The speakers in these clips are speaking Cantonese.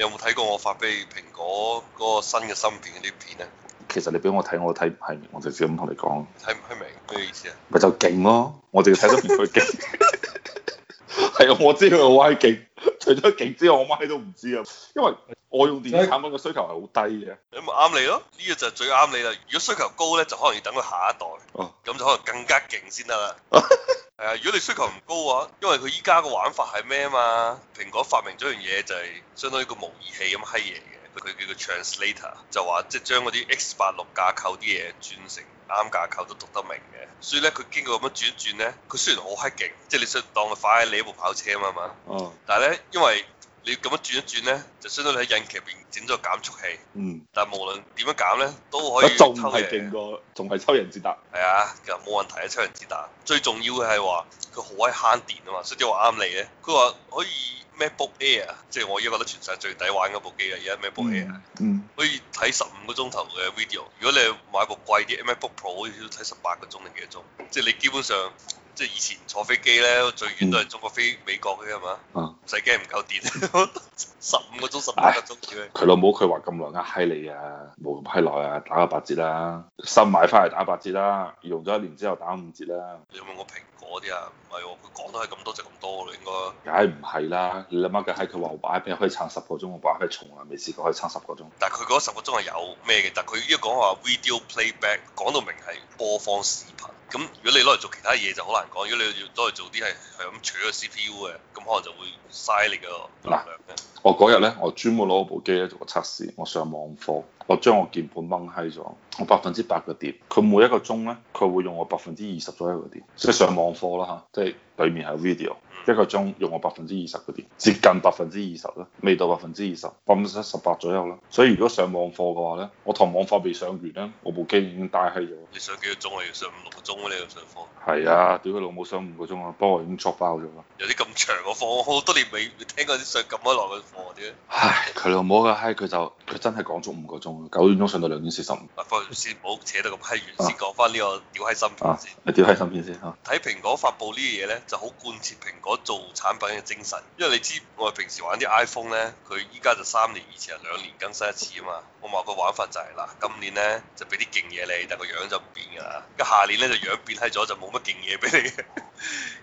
有冇睇過我發俾蘋果嗰個新嘅芯片嗰啲片咧？其實你俾我睇，我睇唔明，我直接咁同你講。睇唔明咩意思啊？咪就勁咯！我淨係睇得見佢勁。係啊， 我知佢係歪勁。除咗勁之外，我乜都唔知啊。因為我用電子產品嘅需求係好低嘅。咁咪啱你咯？呢個就係最啱你啦。如果需求高咧，就可能要等到下一代。哦。咁就可能更加勁先得啦。誒，如果你需求唔高啊，因為佢依家個玩法係咩啊嘛？蘋果發明咗樣嘢就係相當於個模擬器咁閪嘢嘅，佢叫做 translator，就話即係將嗰啲 X 八六架構啲嘢轉成啱架構都讀得明嘅。所以咧，佢經過咁樣轉轉咧，佢雖然好閪勁，即係你想當佢快喺你一部跑車啊嘛。哦。但係咧，因為你咁樣轉一轉咧，就相當你喺引擎入邊整咗個減速器。嗯。但無論點樣減咧，都可以。仲係勁過，仲係抽人捷達。係啊，其實冇問題啊，抽人捷達。最重要嘅係話，佢好閪慳電啊嘛，所以話啱你嘅。佢話可以 MacBook Air，即係我依家覺得全世最抵玩嗰部機啊，而家 MacBook Air 嗯。嗯。可以睇十五個鐘頭嘅 video，如果你買部貴啲 MacBook Pro，可以睇十八個鐘定幾多鐘，即係你基本上。即係以前坐飛機咧，最遠都係中國飛美國嘅嘛，唔使驚唔夠電，十 五個鐘、十八個鐘。佢唉以老母佢話咁耐呃，閪你啊，冇咁閪耐啊，打個八折啦，新買翻嚟打八折啦，用咗一年之後打五折啦，你有冇我平？嗰啲啊，唔係喎，佢、哦、講都係咁多就咁多咯，應該。梗係唔係啦，你諗下緊閪，佢話擺咩可以撐十個鐘，我擺咩從來，未試過可以撐十個鐘。但係佢嗰十個鐘係有咩嘅？但係佢一講話 video playback，講到明係播放視頻。咁如果你攞嚟做其他嘢就好難講。如果你要都係做啲係係咁取個 CPU 嘅，咁可能就會嘥你個力量。我嗰日咧，我專門攞部機咧做個測試，我上網課，我將我鍵盤掹閪咗，我百分之百嘅電。佢每一個鐘咧，佢會用我百分之二十左右嘅電。即係上網。課啦嚇，即係裏面係 video。一個鐘用我百分之二十嗰啲，接近百分之二十啦，未到百分之二十，百分之十八左右啦。所以如果上網課嘅話咧，我堂網課未上完咧，我部機已經戴閪咗。你上幾個鐘我要上五六個鐘、啊、你要上課。係啊，屌佢老母上，上五個鐘啊，不過我已經錯爆咗啦。有啲咁長嘅課，我好多年未未聽過啲上咁多耐嘅課啲。唉，佢老母嘅閪，佢就佢真係講足五個鐘啊，九點鐘上到兩點四十五。先啊，傅先唔好扯到咁閪遠先，講翻呢個屌閪芯片先。屌閪芯片先嚇。睇蘋果發布呢啲嘢咧，就好貫徹蘋果我做產品嘅精神，因為你知我哋平時玩啲 iPhone 呢，佢依家就三年以前係兩年更新一次啊嘛。我話個玩法就係、是、嗱，今年呢就俾啲勁嘢你，但個樣就唔變㗎啦。一下年呢，個樣變係咗，就冇乜勁嘢俾你。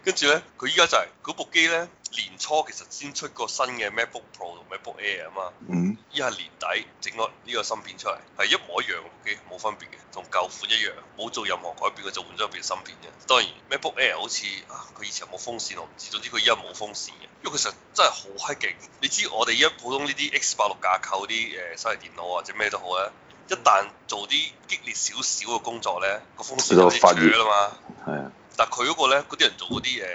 跟 住呢，佢依家就係、是、嗰部機呢，年初其實先出個新嘅 MacBook Pro 同 MacBook Air 啊嘛，依係年底整咗呢個芯片出嚟，係一模一樣嘅，冇分別嘅，同舊款一樣，冇做任何改變佢就換咗入邊芯片嘅。當然 MacBook Air 好似佢、啊、以前有冇風扇我唔知，總之佢依家冇風扇嘅，因為佢實真係好閪勁。你知我哋依家普通呢啲 X 八六架構啲誒、呃、手提電腦或者咩都好咧，一旦做啲激烈少少嘅工作咧，個風扇就會阻啦嘛。係，但係佢嗰個咧，嗰啲人做嗰啲誒，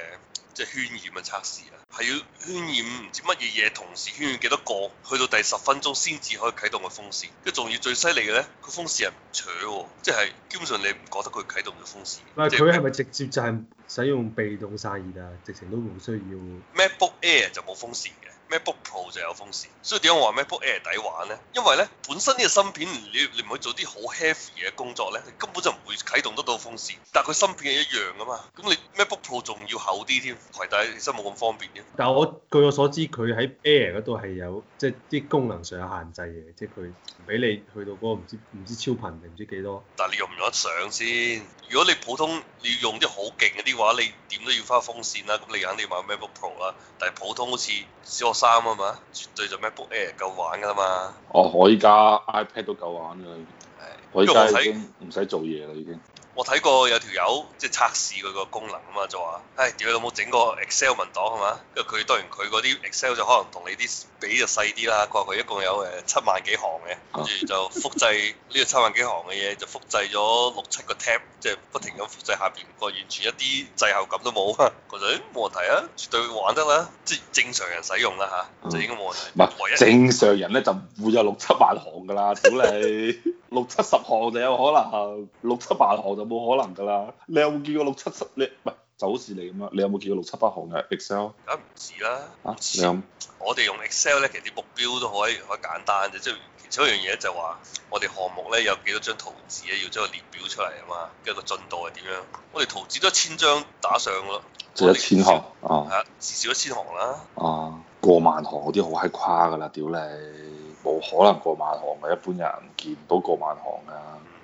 即係渲染嘅測試啊。係要渲染唔知乜嘢嘢，同時渲染幾多個，去到第十分鐘先至可以啟動個風扇，跟住仲要最犀利嘅咧，個風扇係唔扯喎，即係基本上你唔覺得佢啟動咗風扇。佢係咪直接就係使用被動散熱啊？直情都唔需要。MacBook Air 就冇風扇嘅。MacBook Pro 就有風扇，所以點解我話 MacBook Air 抵玩咧？因為咧本身呢個芯片，你你唔去做啲好 heavy 嘅工作咧，你根本就唔會啟動得到風扇。但係佢芯片係一樣噶嘛，咁你 MacBook Pro 仲要厚啲添，攜帶起身冇咁方便嘅。但係我據我所知，佢喺 Air 嗰度係有，即係啲功能上有限制嘅，即係佢唔俾你去到嗰個唔知唔知超頻定唔知幾多。但係你用唔用得上先？如果你普通你要用啲好勁嘅啲話，你點都要翻風扇啦，咁你肯定買 MacBook Pro 啦。但係普通好似小三啊嘛，絕對就 MacBook Air 夠玩噶啦嘛。哦，我依家 iPad 都夠玩噶啦。我依家已經唔使做嘢啦，已經。我睇過有條友即係測試佢個功能啊嘛，就話：唉、哎，屌，點解你冇整個 Excel 文檔係嘛？佢當然佢嗰啲 Excel 就可能同你啲比就細啲啦。佢話佢一共有誒七萬幾行嘅，跟住就複製呢個七萬幾行嘅嘢，就複製咗六七個 tab，即係不停咁複製下邊。佢完全一啲滯後感都冇。覺得誒冇問題啊，絕對玩得啦，即係正常人使用啦嚇，嗯、就應該冇問題。正常人咧就會有六七萬行㗎啦，屌你 六七十行就有可能，六七萬行有冇可能㗎啦？你有冇見過六七十？你唔係就好似你咁啊？你有冇見過六七百行嘅 Excel？梗唔止啦！啊！我哋用 Excel 咧，其實目標都好閪好簡單嘅。即係其中一樣嘢就話我哋項目咧有幾多張圖紙咧，要將個列表出嚟啊嘛，跟住個進度係點樣？我哋圖紙都一千張打上咯，即一千行啊！至少一千行啦！啊，過萬行嗰啲好閪誇㗎啦，屌你，冇可能過萬行嘅，一般人見唔到過萬行㗎。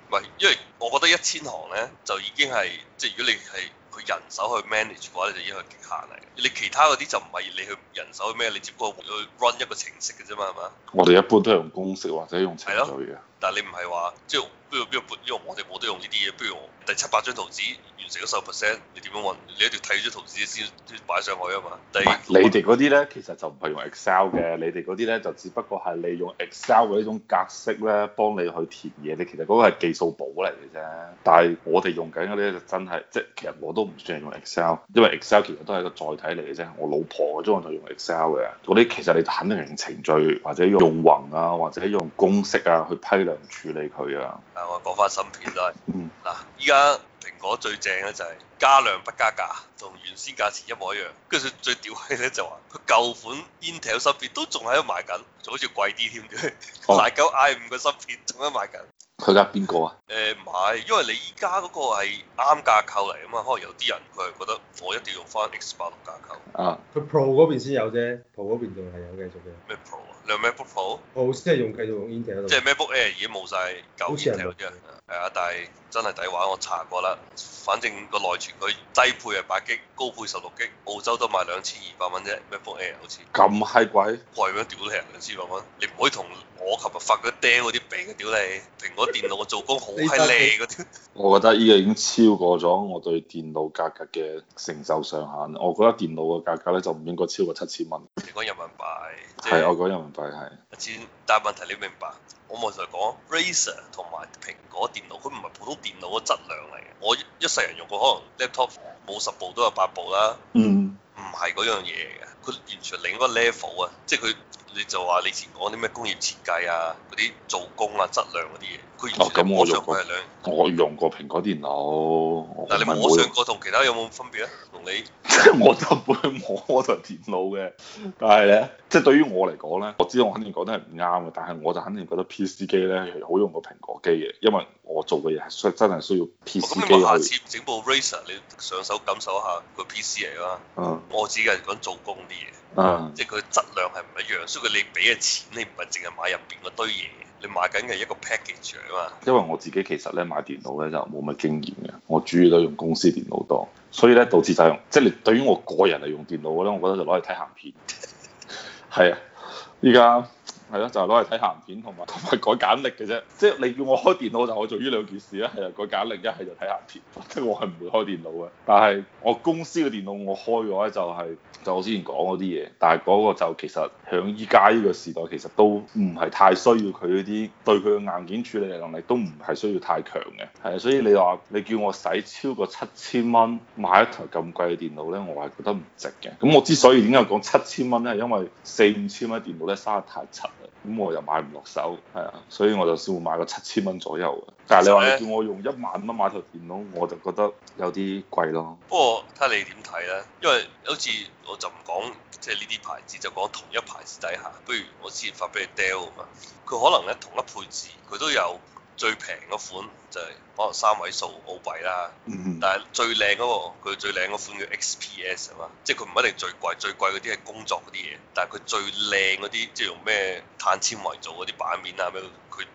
唔係，因為我覺得一千行呢就已經係即係如果你係佢人手去 manage 嘅話，你就已經係極限嚟嘅。你其他嗰啲就唔係你去人手去咩？你，你，去 age，你只不過去 run 一個程式嘅啫嘛，係嘛？我哋一般都係用公式或者用程序。但係你唔係話，即係邊如邊個我哋冇都用呢啲嘢。不如第七百張圖紙完成咗十 percent，你點樣運？你一定要睇咗圖紙先擺上去啊嘛。第你哋嗰啲咧，其實就唔係用 Excel 嘅。你哋嗰啲咧，就只不過係你用 Excel 嘅一種格式咧，幫你去填嘢。你其實嗰個係計數簿嚟嘅啫。但係我哋用緊嗰啲就真係，即係其實我都唔算係用 Excel，因為 Excel 其實都係個載體嚟嘅啫。我老婆嗰種就用 Excel 嘅嗰啲，其實你肯定係用程序或者用宏啊，或者用公式啊去批量處理佢啊！嗱、啊，我講翻芯片啦。嗯、啊。嗱，依家蘋果最正咧就係、是、加量不加價，同原先價錢一模一樣。跟住最屌氣咧，就話佢舊款 Intel 芯片都仲喺度賣緊，就好似貴啲添嘅。啊哦、大狗 I 五嘅芯片仲喺賣緊。佢家邊個啊？誒唔係，因為你依家嗰個係啱架構嚟啊嘛，可能有啲人佢係覺得我一定要用翻 X 八六架構。啊。佢 Pro 嗰邊先有啫，Pro 嗰邊仲係有嘅。做咩？咩 Pro？兩 MacBook Pro？哦，即係用繼續用 Intel。即係 MacBook Air 已經冇晒九千嗰啲啊。了但係真係抵玩，我查過啦。反正個內存佢低配係八 G，高配十六 G，澳洲都賣兩千二百蚊啫，MacBook Air 好似。咁閪貴？貴咩？屌你啊！兩千百蚊，你唔可以同我琴日發嗰 d 嗰啲比嘅，屌你！蘋果電腦嘅做工好閪靚嗰啲。 我覺得依個已經超過咗我對電腦價格嘅承受上限。我覺得電腦嘅價格咧就唔應該超過七千蚊。你講人民幣？係、即係， 我講人民幣。係係、係。但係問題，你明白？我冇同講。Razer 同埋蘋果電腦，佢唔係普通電腦嘅質量嚟嘅。我一世人用過，可能 laptop 冇十部都有八部啦。嗯。唔係嗰樣嘢嚟嘅。佢完全另一個 level 啊！即係佢你就話你以前講啲咩工業設計啊、嗰啲做工啊、質量嗰啲嘢，佢完全我上過係兩、哦。我用過蘋果電腦。但你問我上過同其他有冇分別啊？同你。即係 我就會摸台電腦嘅，但係咧，即係對於我嚟講咧，我知道我肯定講得係唔啱嘅，但係我就肯定覺得 PC 機咧係好用過蘋果機嘅，因為我做嘅嘢係真係需要 PC 機去咁你下次整部 Razer，你上手感受一下個 PC 嚟啦。嗯、我自己係講做工。啲嘢，即係佢質量係唔一樣，所以你俾嘅錢，你唔係淨係買入邊嗰堆嘢，你買緊嘅一個 package 啊嘛。因為我自己其實咧買電腦咧就冇乜經驗嘅，我主要都用公司電腦多，所以咧導致就係用，即係你對於我個人嚟用電腦咧，我覺得就攞嚟睇行片。係 啊，依家。係咯，就係攞嚟睇鹹片同埋同埋改簡歷嘅啫。即係你叫我開電腦，就係、我做呢兩件事啦。係啊，改簡歷一係就睇鹹片，即係我係唔會開電腦嘅。但係我公司嘅電腦我開咗咧、就係，就係就我之前講嗰啲嘢。但係嗰個就其實響依家呢個時代，其實都唔係太需要佢嗰啲，對佢嘅硬件處理嘅能力都唔係需要太強嘅。係啊，所以你話你叫我使超過七千蚊買一台咁貴嘅電腦呢，我係覺得唔值嘅。咁我之所以點解講七千蚊呢，係因為四五千蚊電腦呢，生得太差。咁我又買唔落手，係啊，所以我就先會買個七千蚊左右嘅。但係你話叫我用一萬蚊買台電腦，我就覺得有啲貴咯。 不過睇下你點睇啦，因為好似我就唔講即係呢啲牌子，就講同一牌子底下。不如我之前發俾你 Dell 嘅嘛，佢可能咧同一配置佢都有。最平嗰款就係可能三位數澳幣啦，但係最靚嗰個佢最靚嗰款叫 XPS 啊嘛，即係佢唔一定最貴，最貴嗰啲係工作嗰啲嘢，但係佢最靚嗰啲即係用咩碳纖維做嗰啲版面啊咩，佢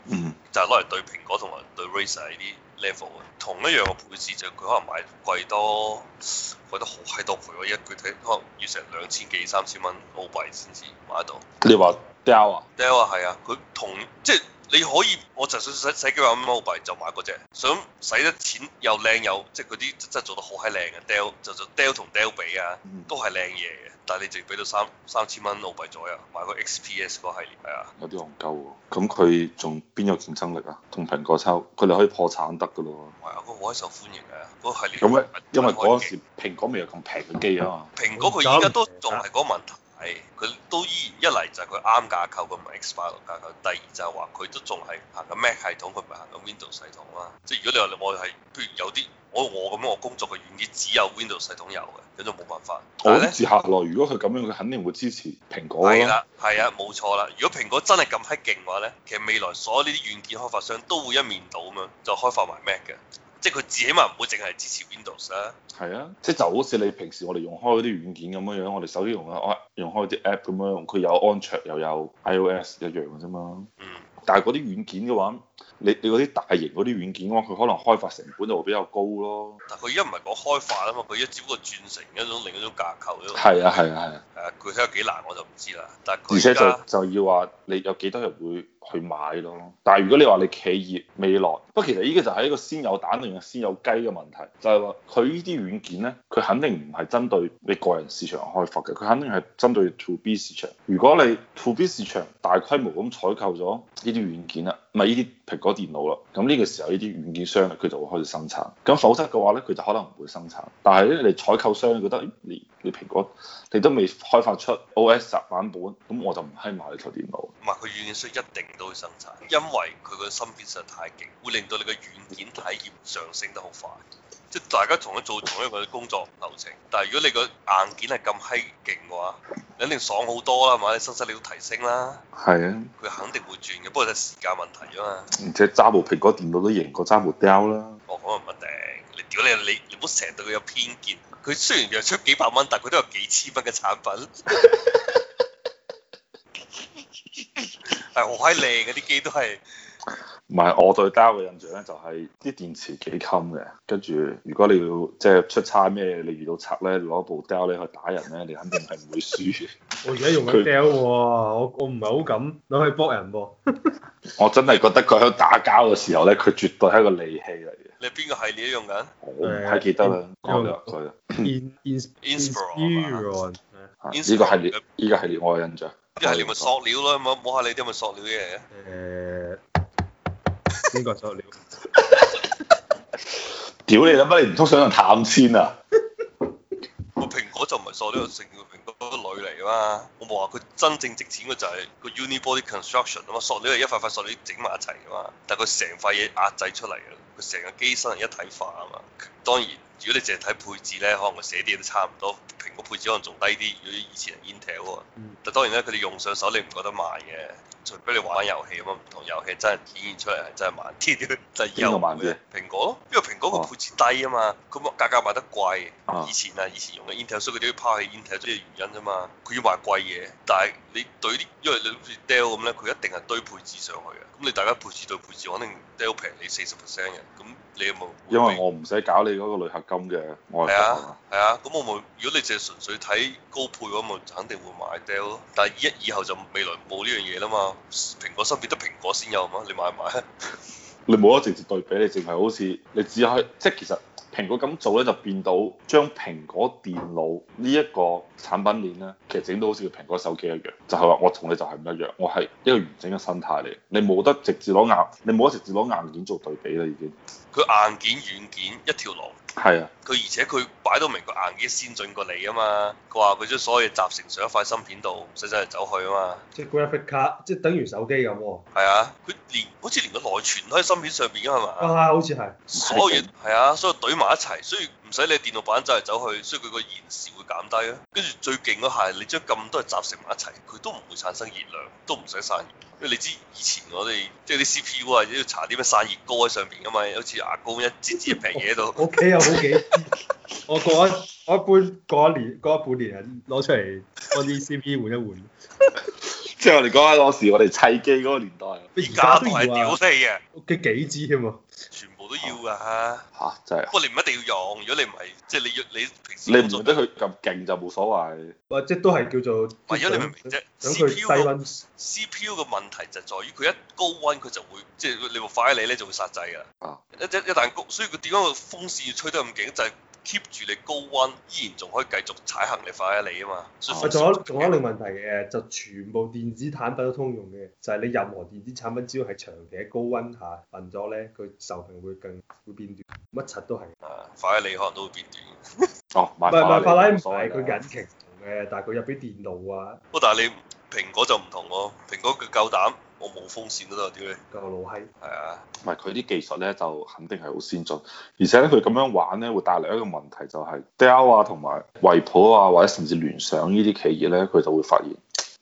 就係攞嚟對蘋果同埋對 Razer 呢啲 level 啊，同一樣嘅配置就佢可能買貴多，貴得好閪多倍咯，一具睇，可能要成兩千幾三千蚊澳幣先至買得到。你話 Dell 啊？Dell 啊，係啊，佢同即係。你可以，我就想使使幾萬蚊澳幣就買嗰隻，想使得錢又靚又，即係嗰啲真係做到好閪靚嘅 Dell，就就 Dell 同 Dell 比啊，都係靚嘢嘅，但係你淨係俾到三三千蚊澳幣左右買個 XPS 嗰系列係啊，有啲戇鳩喎。咁佢仲邊有競爭力啊？同蘋果差，佢哋可以破產得㗎咯。係啊，個好閪受歡迎嘅，個系列。咁因為嗰陣時蘋果未有咁平嘅機啊嘛。嗯、蘋果佢而家都仲係嗰個問題。係，佢都依然一嚟就係佢啱架構，佢唔係 X 八六架構。第二就係話佢都仲係行緊 Mac 系統，佢唔係行緊 Windows 系統啦。即係如果你話我係，譬如有啲我我咁樣，我工作嘅軟件只有 Windows 系統有嘅，咁就冇辦法。但呢我接客來，如果佢咁樣，佢肯定會支持蘋果啦。係啦，係啊，冇錯啦。如果蘋果真係咁黑勁嘅話咧，其實未來所有呢啲軟件開發商都會一面倒咁樣就開發埋 Mac 嘅。即係佢至起碼唔會淨係支持 Windows 啦，啊，係啊，即係就好似你平時我哋用開嗰啲軟件咁樣樣，我哋手機用啊用開啲 App 咁樣，佢有安卓又有 iOS 一樣嘅啫嘛。嗯，但係嗰啲軟件嘅話。你你嗰啲大型嗰啲軟件嘅、啊、話，佢可能開發成本就會比較高咯。但佢依家唔係講開發啊嘛，佢一招個轉成一種另一種架構咯。係啊係啊係啊。誒、啊，具體有幾難我就唔知啦。但係而且就要話你有幾多人會去買咯。但係如果你話你企業未來，不過其實呢個就係一個先有蛋定先有雞嘅問題，就係話佢呢啲軟件咧，佢肯定唔係針對你個人市場開發嘅，佢肯定係針對 to B 市場。如果你 to B 市場大規模咁採購咗呢啲軟件啦，咪呢啲蘋果電腦啦，咁呢個時候呢啲軟件商咧，佢就會開始生產。咁否則嘅話咧，佢就可能唔會生產。但係咧，你採購商你覺得你你蘋果你都未開發出 OS 版本，咁我就唔係買呢台電腦。唔係，佢軟件商一定都會生產，因為佢個芯片實在太勁，會令到你個軟件體驗上升得好快。即大家同佢做同一個工作流程，但係如果你個硬件係咁閪勁嘅話，你一定爽好多啦，係嘛？生產力都提升啦。係啊，佢肯定會轉嘅，不過就時間問題啫嘛。而且揸部蘋果電腦都贏過揸部 Dell 啦。我講唔一定，你屌你你，你唔好成日對佢有偏見。佢雖然約出幾百蚊，但佢都有幾千蚊嘅產品。係 好閪靚嘅啲機都係。唔係，我對 Dell 嘅印象咧就係啲電池幾襟嘅，跟住如果你要即係出差咩，你遇到賊咧，攞部 Dell 你去打人咧，你肯定係唔會輸 他。我而家用緊 Dell 喎，我我唔係好敢攞去搏人噃。我真係覺得佢喺度打交嘅時候咧，佢絕對係一個利器嚟嘅。說你邊、 啊哎，個系列用緊？我唔太記得啦，講咗佢。Inspiron 呢個系列依個系列我有印象有，啊。系列咪塑料咯，啊，冇冇下你啲咪塑料嘅？誒。呢個、 啊、塑料，屌你諗乜？你唔通想人探先啊？個蘋果就唔係塑料，成個蘋果個鋁嚟嘅嘛。我冇話佢真正值錢嘅就係個 Unibody Construction 啊嘛！塑料係一塊塊塑料整埋一齊噶嘛，但係佢成塊嘢壓製出嚟嘅，佢成個機身係一體化啊嘛，當然。如果你淨係睇配置咧，可能寫啲嘢都差唔多。蘋果配置可能仲低啲。如果以前係 Intel，、嗯、但當然咧，佢哋用上手你唔覺得慢嘅，除非你玩遊戲咁唔同遊戲真係顯現出嚟係真係慢啲。邊個慢嘅。蘋果咯，因為蘋果個配置低啊嘛，佢賣、啊、價格賣得貴。啊、以前啊，以前用嘅 Intel，所以佢都要拋棄 Intel 啲嘅原因啫嘛。佢要賣貴嘢，但係你對啲，因為你好似 Dell 咁咧，佢一定係堆配置上去嘅。咁你大家配置對配置，肯定 Dell 平你四十 percent 嘅。咁你有冇？因為我唔使搞你嗰個雷克。咁嘅，係啊，係啊，咁我會。如果你淨係純粹睇高配嘅話，咪肯定會買 Dell 咯。但係一以後就未來冇呢樣嘢啦嘛。蘋果芯片得蘋果先有嘛，你買唔買？ 你冇得直接對比，你淨係好似你只可以，即係其實蘋果咁做咧，就變到將蘋果電腦呢一個產品鏈咧，其實整到好似個蘋果手機一樣，就係、是、話我同你就係唔一樣，我係一個完整嘅生態嚟。你冇得直接攞硬，你冇得直接攞硬件做對比啦，已經。佢硬件、軟件一條龍。係啊，佢而且佢擺到明個硬件先進過嚟啊嘛，佢話佢將所有嘢集成上一塊芯片度，唔使走嚟走去啊嘛。即係 graphics 卡，即係等於手機咁喎。係啊，佢連好似連個內存都喺芯片上邊㗎係嘛？啊，好似係、啊啊，所以係啊，所以堆埋一齊，所以。使你電腦板走嚟走去，所以佢個熱耗會減低咯。跟住最勁嗰下，你將咁多嘢集成埋一齊，佢都唔會產生熱量，都唔使散熱。因為你知以前我哋即係啲 C P U 啊，要搽啲咩散熱膏喺上邊噶嘛，好似牙膏一支支平嘢喺度。屋企有好幾支，我過一， 我，過一我一般過一年過半年攞出嚟換啲 C P 換一換。即係我哋講下嗰時，我哋砌機嗰個年代，而家代係屌你嘅屋企幾支添，全部都要啊嚇！嚇真係，不過你唔一定要用，如果你唔係，即係你你平時你唔做得佢咁勁就冇所謂。或者都係叫做，為咗你明唔明啫？等佢低温。C P U 嘅問題就在於佢一高温佢就會，即係你部快 i 你咧就會殺制㗎。一一一旦高，所以佢點解個風扇要吹得咁勁就係。keep 住你高温，依然仲可以繼續踩行你，法拉利啊嘛！仲，oh。有仲有一個問題嘅，就全部電子產品都通用嘅，就係、是、你任何電子產品，只要係長期喺高温下，運咗咧，佢壽命會更會變短，乜柒都係。啊，法拉利可能都會變短。 哦，唔係唔係，法拉利唔係佢引擎唔同嘅，但係佢入啲電腦啊。不過但係你蘋果就唔同喎，啊，蘋果佢夠膽。我冇風扇嗰度，屌你個老閪。係啊，唔係佢啲技術咧，就肯定係好先進，而且咧，佢咁樣玩咧，會帶嚟一個問題，就係 Dell 啊同埋惠普啊或者甚至聯想呢啲企業咧，佢就會發現。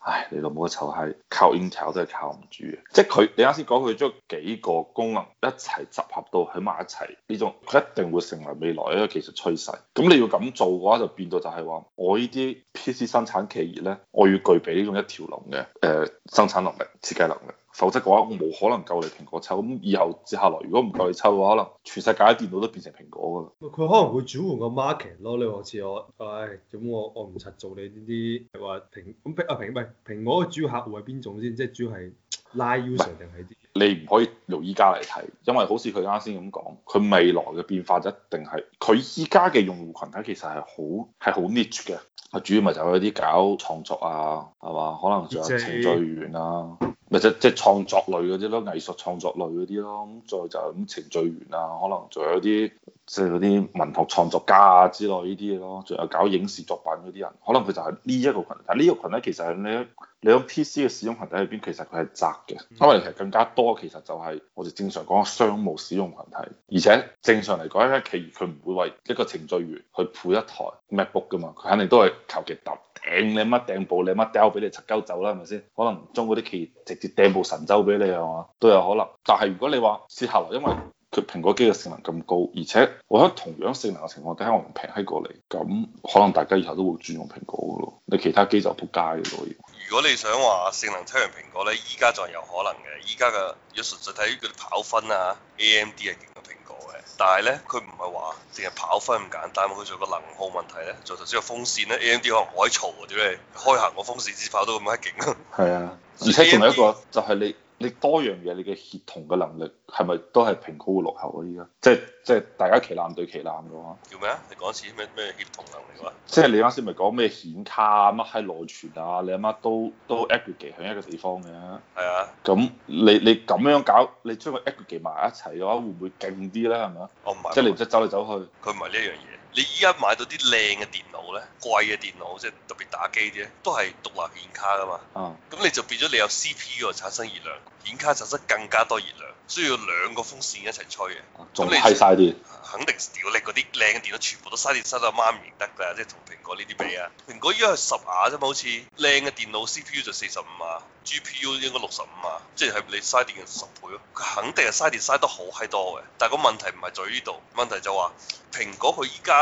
唉，你老母個臭閪靠 Intel 都係靠唔住嘅，即係佢，你啱先講佢將幾個功能一齊集合到喺埋一齊呢種，佢一定會成為未來一個技術趨勢。咁你要咁做嘅話，就變到就係話我呢啲 PC 生產企業呢，我要具備呢種一條龍嘅，誒、呃，生產能力、設計能力。否則嘅話，我冇可能夠你蘋果抽。咁以後接下來，如果唔夠你抽嘅話，可能全世界啲電腦都變成蘋果噶啦。佢可能會轉換個 market 咯，哎。你話好似我。唉，咁我我唔柒做你呢啲話蘋咁啊蘋唔係蘋果嘅主要客戶係邊種先？即係主要係拉 user 定係啲？你唔可以由依家嚟睇，因為好似佢啱先咁講，佢未來嘅變化就一定係佢依家嘅用戶群體其實係好係好 niche 嘅。啊，主要咪就係啲搞創作啊，係嘛？可能仲有程序員啊。就是就是咪即即係創作類嗰啲咯，藝術創作類嗰啲咯，咁再就咁程序員啊，可能仲有啲。即係嗰啲文學創作家啊之類呢啲嘢咯，仲有搞影視作品嗰啲人，可能佢就係呢一個群體。但呢個群體咧，其實係你你用 P C 嘅使用群體入邊，其實佢係窄嘅，因為其實更加多其實就係、是、我哋正常講嘅商務使用群體。而且正常嚟講咧，企業佢唔會為一個程序員去配一台 Macbook 噶嘛，佢肯定都係求其抌，掟你乜掟部你乜 Dell 俾你柒鳩走啦，係咪先？可能將嗰啲企業直接掟部神舟俾你啊嘛，都有可能。但係如果你話接下來因為佢蘋果機嘅性能咁高，而且我喺同樣性能嘅情況底下，我唔平閪過嚟，咁可能大家以後都會轉用蘋果嘅咯。你其他機就撲街嘅咯。如果你想話性能超越蘋果咧，依家仲係有可能嘅。依家嘅要實際睇佢啲跑分啊，AMD 係勁過蘋果嘅。但係咧，佢唔係話淨係跑分咁簡單，佢仲有個能耗問題咧。仲頭先個風扇咧，AMD 可能好閪嘈啲咧，開行個風扇先跑到咁閪勁。係啊，而且仲係一個就係你。你多樣嘢，你嘅協同嘅能力係咪都係評估會落後啊？依家，即係即係大家旗艦對旗艦嘅話，叫咩啊？你講一次咩咩協同能力啊？即係你啱先咪講咩顯卡啊、乜係內存啊，你阿乜都都 aggregate 喺一個地方嘅。係啊。咁是、啊嗯、你你咁樣搞，你將佢 aggregate 埋一齊嘅話會會，會唔會勁啲咧？係咪啊？哦，唔係。即係你唔使走嚟走去。佢唔係呢一樣嘢。你依家買到啲靚嘅電腦咧，貴嘅電腦即係特別打機啲，都係獨立顯卡噶嘛。嗯。咁你就變咗你有 CPU 產生熱量，顯卡產生更加多熱量，需要兩個風扇一齊吹嘅。仲係嘥電。肯定屌你嗰啲靚嘅電腦全部都嘥電嘥到媽咪得㗎，即係同蘋果呢啲比啊。嗯、蘋果依家係十瓦啫嘛，好似靚嘅電腦 CPU 就四十五瓦，GPU 應該六十五瓦，即係係你嘥電嘅十倍咯。佢肯定係嘥電嘥得好閪多嘅。但係個問題唔係在呢度，問題就話蘋果佢依家。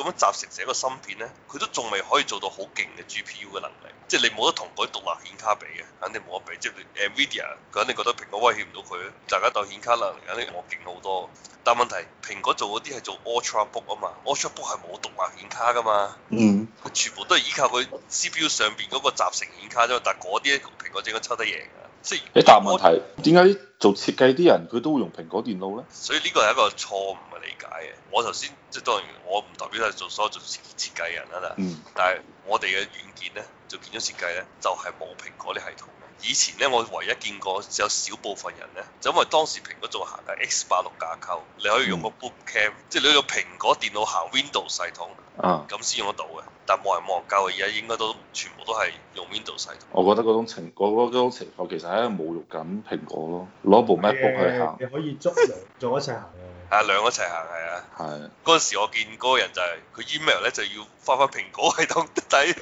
咁樣集成成一個芯片咧，佢都仲未可以做到好勁嘅 GPU 嘅能力，即係你冇得同嗰啲獨立顯卡比嘅，肯定冇得比。即係 NVIDIA，佢肯定覺得蘋果威脅唔到佢，大家鬥顯卡能力肯定我勁好多。但問題蘋果做嗰啲係做 UltraBook 啊嘛，UltraBook 係冇獨立顯卡噶嘛，嗯，佢全部都係依靠佢 CPU 上邊嗰個集成顯卡啫嘛。但嗰啲咧，蘋果應該抽得贏嘅，即係。誒答果，但問題點解做設計啲人佢都會用蘋果電腦咧？所以呢個係一個錯誤嘅理解嘅。我頭先即係當然，我唔代表做所有、嗯、做設計嘅人啦，但係我哋嘅軟件咧做建築設計咧就係、是、冇蘋果啲系統。以前咧我唯一見過只有少部分人咧，就因為當時蘋果仲行緊 X 八六架構，你可以用個 Boot Camp、嗯、即係你要用蘋果電腦行 Windows 系統，咁先、啊、用得到嘅。但係冇人望夠，而家應該都全部都係用 Windows 系統。我覺得嗰種情，嗰種情況其實喺度侮辱緊蘋果咯。攞部 MacBook 去行，你可以捉嚟做一齊行。 啊，兩個一齊行係啊，嗰陣的時我見嗰個人就係、是、佢 email 咧就要翻翻蘋果系統睇，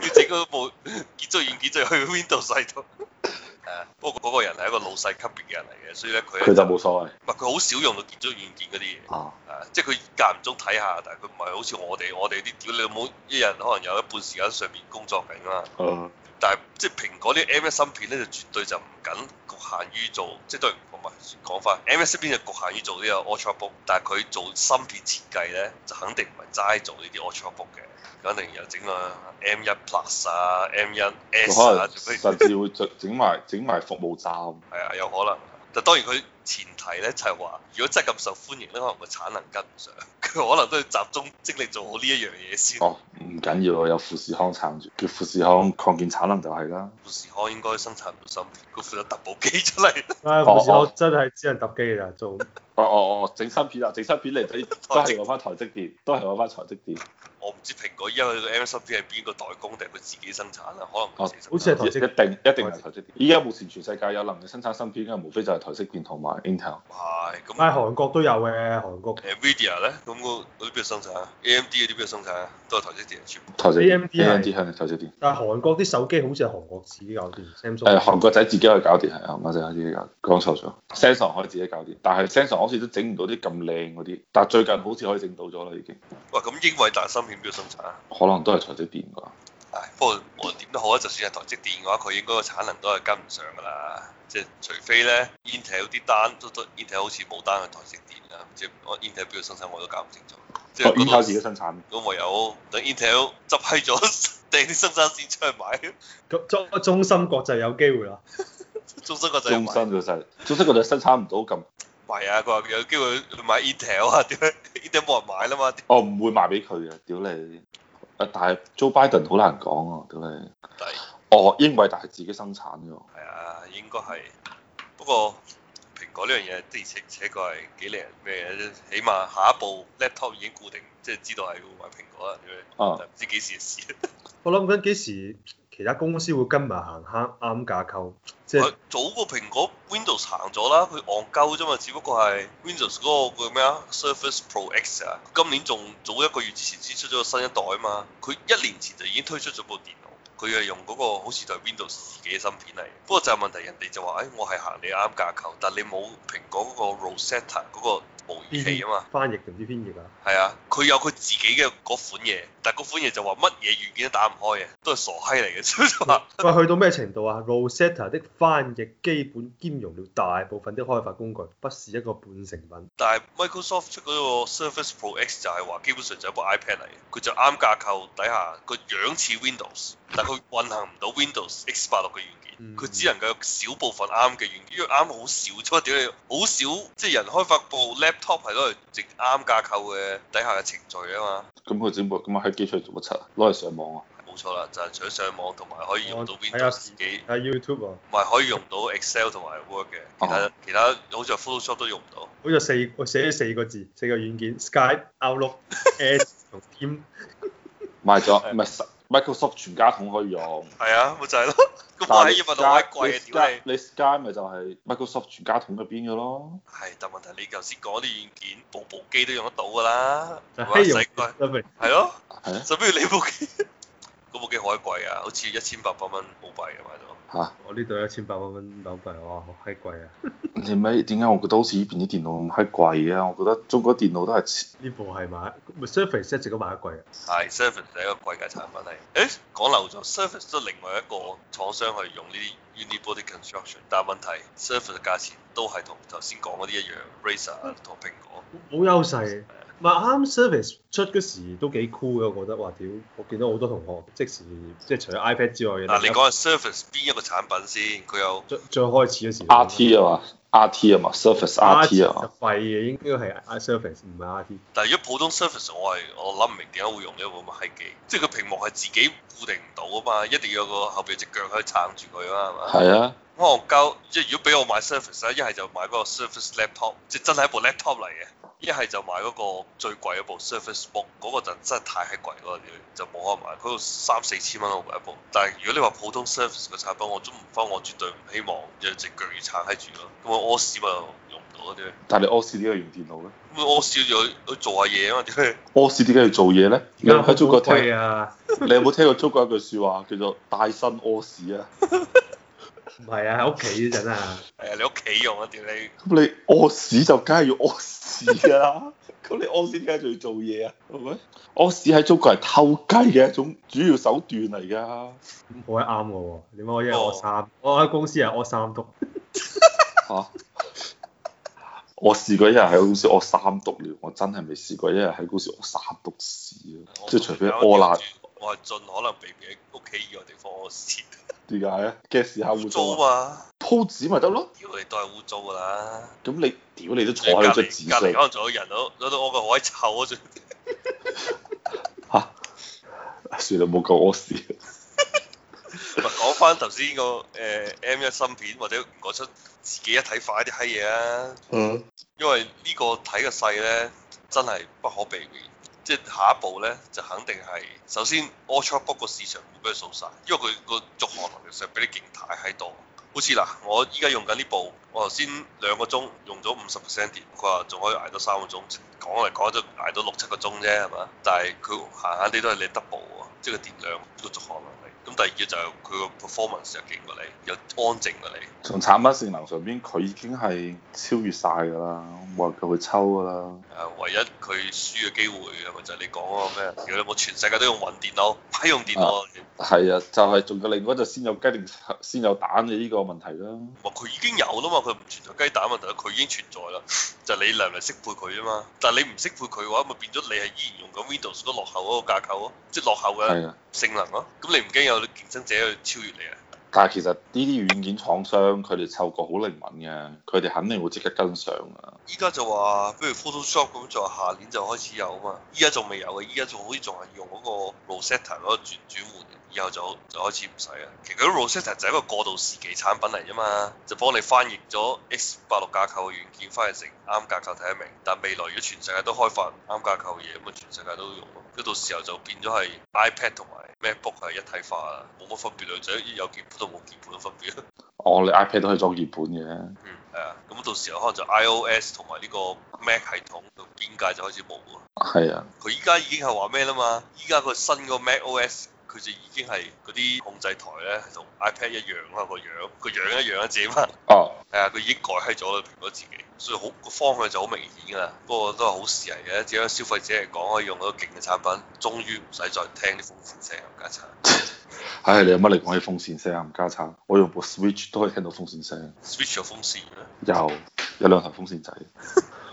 要整嗰部結帳軟件就去 Windows 系統、 啊。不過嗰個人係一個老細級別嘅人嚟嘅，所以咧佢佢就冇所謂。唔係佢好少用到結帳軟件嗰啲嘢。哦、啊，係、啊，即係佢間唔中睇下，但係佢唔係好似我哋我哋啲屌你冇，一人可能有一半時間喺上面工作緊啊。嗯。但係即係蘋果啲 M1 芯片咧就絕對就唔僅局限於做即係都唔咪講翻 M1 芯片就局限於做呢個 UltraBook，但係佢做芯片設計咧就肯定唔係齋做呢啲 UltraBook 嘅，肯定又整個 M1 Plus 啊 M1 S 啊， 甚至會整埋整埋服務站。係啊，有可能。但當然佢前提咧就係話，如果真係咁受歡迎咧，可能個產能跟唔上。佢可能都係集中精力做好呢一樣嘢先。哦，唔緊要，有富士康撐住，叫富士康擴建產能就係啦。富士康應該生產唔到芯片，佢負責揼部機出嚟。唉、啊，富士康真係只係揼機機咋做。哦哦 哦哦哦，整芯片啊，整芯片嚟睇，都係我翻台積電，都係我翻台積電。我唔知蘋果依家個 M 芯片係邊個代工定係佢自己生產啊？可能。哦。好似係台積電。一定一定係台積電。依家目前全世界有能力生產芯片嘅，無非就係台積電同埋 Intel。係。咁。誒韓國都有嘅，韓國。誒 Nvidia 咧，咁個喺邊度生產啊？AMD 喺邊度生產啊？都係台積電，全部。台積。AMD 啊係台積電。但係韓國啲手機好似係韓國自己搞掂。誒，韓國仔自己可以搞掂，係啊，韓國仔自己搞。講錯咗。Samsung 可以自己搞掂，但係 Samsung 好似都整唔到啲咁靚嗰啲，但係最近好似可以整到咗啦，已經。喂！咁英偉達芯片邊度生產啊？可能都係台積電㗎。唉，不過無論點都好啦，就算係台積電嘅話，佢應該個產能都係跟唔上㗎啦。即係除非咧，Intel 啲單都都，Intel 好似冇單去台積電啦。即係我 Intel 邊度生產我都搞唔清楚。Intel、哦、自己生產。咁唯有等 Intel 執笠咗，掟 啲生產線出去賣。咁中芯國際有機會啊？中芯國際買。中芯、就係、中芯國際生產唔到咁。唔係啊，佢話有機會買，買、哦、Intel 啊，點解 Intel 冇人買啦嘛？我唔會賣俾佢啊。屌你！啊，但係 Joe Biden 好難講啊，都係。哦，英偉達係自己生產嘅喎。係啊，應該係。不過，蘋果呢樣嘢，即係而且確係幾靚咩嘅，起碼下一步 laptop 已經固定，即、就、係、是、知道係要買蘋果啦，點解？哦。唔知幾時嘅事。我諗緊幾時。其他公司會跟埋行坑啱架構，即係早過蘋果 Windows 行咗啦，佢戇鳩啫嘛，只不過係 Windows 嗰個叫咩啊，Surface Pro X 啊，今年仲早一個月之前先出咗個新一代啊嘛，佢一年前就已經推出咗部電腦，佢係用嗰個好似台 Windows 自己嘅芯片嚟，不過就係問題，人哋就話誒我係行你啱架構，但係你冇蘋果嗰個 Rosetta 嗰個。模擬器啊嘛，翻譯定唔知邊頁啊？係啊，佢有佢自己嘅嗰款嘢，但係嗰款嘢就話乜嘢軟件都打唔開嘅，都係傻閪嚟嘅。即係話佢去到咩程度啊？Rosetta 的翻譯基本兼容了大部分的開發工具，不是一個半成品。但係 Microsoft 出嗰個 Surface Pro X 就係話基本上就係部 iPad 嚟嘅，佢就啱架構底下個樣似 Windows，但係佢運行唔到 Windows X 八六嘅軟件，佢只能夠有少部分啱嘅軟件，因為啱好少咗，點解好少即係、就是、人開發部 Top 係攞嚟直啱架構嘅底下嘅程序啊嘛。咁佢整部咁啊喺機場做乜七啊？攞嚟上網啊。冇錯啦，就係、是、想上網同埋可以用到邊啲在自己。係 YouTube 啊，唔係可以用到 Excel 同埋 Word 嘅。其他、uh huh。其他好似 Photoshop 都用唔到。好似四我寫咗四個字，四個軟件：Skype Outlook, S, D、Outlook、 S 同 Team 賣咗 Microsoft 全家桶可以用，係啊，咪就係咯，咁我喺二百六蚊貴嘅點解？你而家咪就係 Microsoft 全家桶入邊嘅咯，係，但問題你頭先講啲軟件，部部機都用得到噶啦，唔使貴，係咯、啊，就比如你部機。 的 嗰部機好鬼貴啊，好似一千八百蚊澳幣啊。買到。嚇、啊！我呢度一千八百蚊澳幣，哇、哦，好閪貴啊！你咪點解我覺得好似呢邊啲電腦咁閪貴啊？我覺得中國電腦都係，呢部係買咪 Surface 一直都買得貴啊。係，Surface 係一個貴價產品嚟。誒、欸，講漏咗，Surface 都另外一個廠商去用呢啲 Unibody Construction，但係問題 Surface 嘅價錢都係同頭先講嗰啲一樣，Razer 同、啊、蘋果。冇優勢。咪啱，Surface 出嗰時都幾 cool 嘅，我覺得哇屌！我見到好多同學即時即係除咗 iPad 之外嗱，外你講下 Surface 邊一個產品先？佢有最最開始嗰時 RT。RT, RT 啊嘛，RT 啊嘛，Surface RT 啊。廢嘅應該係 Surface，唔係 RT。但係如果普通 Surface，我係我諗唔明點解會用呢部 Mac 機，即係佢屏幕係自己固定唔到啊嘛，一定要個後邊隻腳可以撐住佢啊嘛，係嘛？係啊。我交即係如果俾我買 Surface 咧，一係就買嗰個 Surface Laptop，即真係一部 Laptop 嚟嘅。一係就買嗰個最貴嗰部 Surface Book，嗰個就真係太貴咯，就冇可能買。嗰個三四千蚊我買一部，但係如果你話普通 Surface 嘅產品，我中唔翻，我絕對唔希望養隻巨蠶喺住咯。咁我屙屎咪用唔到咯，即係。但係你屙屎點解用電腦咧？咁屙屎要去做下嘢啊嘛，即係。屙屎點解要做嘢咧？你有冇聽過？ 你有冇聽過中國一句說話叫做大身屙屎啊？ 唔係 啊，喺屋企嗰陣啊，誒你屋企用啊，電你咁你屙屎就梗係要屙屎噶啦，咁你屙屎梗係仲要做嘢啊？咪、uh？屙屎喺中國係偷雞嘅一種主要手段嚟噶。我係啱嘅喎，點解我一日屙三？我喺公司係屙三篤。嚇？我試過一日喺公司屙三篤尿，我真係未試過一日喺公司屙三篤屎咯。即係 除非屙爛。我係盡可能避免喺屋企以外地方屙屎。點解啊？嘅時候污糟啊嘛，鋪紙咪得咯。屌你都係污糟噶啦。咁你屌你都坐喺度做，隔籬隔籬度坐個人攞，攞到我個位臭 啊！仲吓，算啦、 嗰個，冇講我事。唔係講翻頭先個誒 M 一芯片或者嗰出自己一睇快啲閪嘢啊。嗯。因為個呢個睇嘅細咧，真係不可避免。即係下一步咧，就肯定係首先，UltraBook a 個市場會俾佢掃晒，因為佢個續航能力上俾啲勁大喺度。好似嗱，我依家用緊呢部，我頭先兩個鐘用咗五十 percent 電，佢話仲可以挨到三個鐘，講嚟講都挨到六七個鐘啫，係嘛？但係佢閒閒地都係你 double 喎，即係電量，個續航量。咁第二個就係佢個 performance 又勁過你，又安靜過你。從產品性能上邊，佢已經係超越晒㗎啦，話佢會抽㗎啦。誒，唯一佢輸嘅機會係咪就係你講嗰個咩？如果我全世界都用雲電腦，批用電腦。係啊，你啊，就係、是、仲有另外一個就先有雞先有蛋嘅呢個問題啦。佢已經有啦嘛，佢唔存在雞蛋問題，佢已經存在啦。就是、你能唔能適配佢啊嘛？但係你唔適配佢嘅話，咪變咗你係依然用緊 Windows 都落後嗰個架構咯，即、就、係、是、落後嘅性能咯。咁、啊、你唔驚有競爭者去超越你啊！但係其實呢啲軟件廠商佢哋嗅覺好靈敏嘅，佢哋肯定會即刻跟上啊！依家就話，譬如 Photoshop 咁就話下年就開始有啊嘛，依家仲未有啊，依家仲好似仲係用嗰個 Rosetta 嗰個轉轉換。以後就就開始唔使啦。其實嗰啲 Rosetta 就係一個過渡時期產品嚟啫嘛，就幫你翻譯咗 X 八六架構嘅軟件翻譯成啱架構睇得明。但未來如果全世界都開發啱架構嘅嘢，咁啊全世界都用咯。咁到時候就變咗係 iPad 同埋 MacBook 係一體化啦，冇乜分別啦，就係有鍵盤同冇鍵盤嘅分別。我哋 iPad 都、oh, 可以裝鍵盤嘅。嗯，係啊。咁到時候可能就 iOS 同埋呢個 Mac 系統嘅邊界就開始冇喎。係啊。佢依家已經係話咩啦嘛？依家個新個 MacOS。佢就已經係嗰啲控制台咧，係同 iPad 一樣啦、啊，個樣個樣一樣嘅啫嘛。哦，係啊，佢、啊啊、已經改係咗蘋果自己，所以好個方向就好明顯㗎喇。不過都係好事嚟嘅，只係消費者嚟講可以用到勁嘅產品，終於唔使再聽啲風扇聲咁加餐。唉， 你有乜嚟講起風扇聲咁加餐？我用部 Switch 都可以聽到風扇聲，Switch 有風扇咩？有，有兩台風扇仔。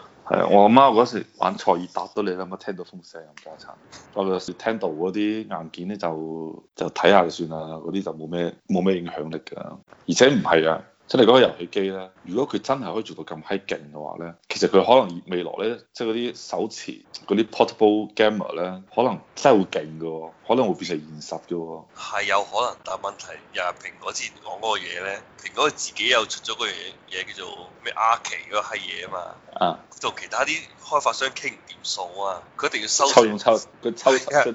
我阿媽嗰時玩賽爾達都，你諗下聽到風聲咁驚慘。我嗰時聽到嗰啲硬件呢，就就睇下就算啦，嗰啲就冇咩冇咩影響力㗎。而且唔係啊。即係嗰個遊戲機咧，如果佢真係可以做到咁閪勁嘅話咧，其實佢可能未來咧，即係嗰啲手持嗰啲 portable gamer 咧，可能真係會勁嘅喎，可能會變成現實嘅喎、哦。係有可能，但問題又係蘋果之前講嗰個嘢咧，蘋果自己又出咗嗰樣嘢叫做咩阿奇嗰批嘢啊嘛。啊。同其他啲開發商傾唔掂數啊，佢一定要收抽抽。抽用抽，佢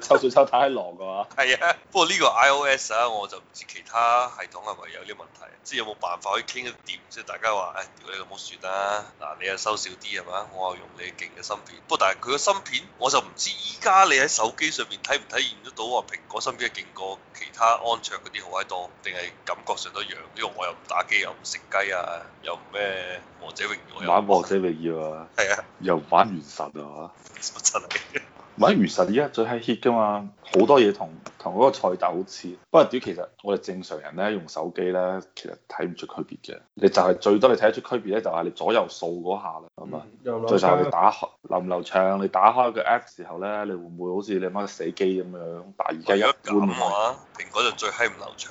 抽水抽太閪攞嘅話。係 啊，不過呢個 iOS 啊，我就唔知其他系統係咪有啲問題，即係有冇辦法可以。傾得掂，即係大家話，誒、哎、屌你老母算啦、啊，嗱、啊、你又收少啲係嘛，我又用你勁嘅芯片，不過但係佢個芯片我就唔知依家你喺手機上面體唔體驗得到，話蘋果芯片勁過其他安卓嗰啲好喺多，定係感覺上都一樣，因為我又唔打機又唔食雞啊，又唔咩王者榮耀，玩王者榮耀啊，係啊，又唔玩原神啊嘛。 唔係，如實而家最係 hit 噶嘛，好多嘢同同嗰個菜好似。不過屌，其實我哋正常人咧，用手機咧，其實睇唔出區別嘅。你就係最多你睇得出區別咧，就係你左右掃嗰下啦，咁啊、嗯。最就係你打、嗯、流唔暢流，流暢？你打開個 app 時候咧，你會唔會好似你媽死機咁樣？但係而家一般嘅話，蘋果就最閪唔流暢。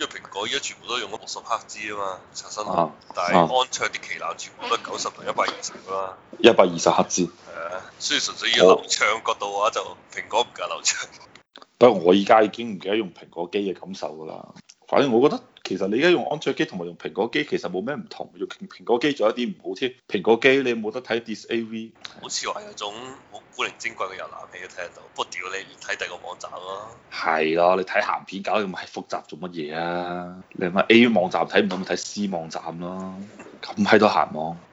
因為蘋果而家全部都用咗六十赫茲啊嘛，刷新率，啊、但係安卓啲旗艦全部都九十同一百二十噶啦，一百二十赫茲，係啊，所以純粹要流暢角度話就好蘋果唔夠流暢。不過我依家已經唔記得用蘋果機嘅感受㗎啦，反正我覺得。其實你而家用安卓機同埋用蘋果機其實冇咩唔同，用蘋果機仲有一啲唔好添。蘋果機你冇得睇 Dis A V，好似話係一種好古靈精怪嘅遊覽器睇得到，不過屌你，睇第二個網站咯啊。係咯，你睇鹹片搞咁閪複雜做乜嘢啊？你咪 A V 網站睇唔到咪睇 C 網站咯，咁閪多鹹網。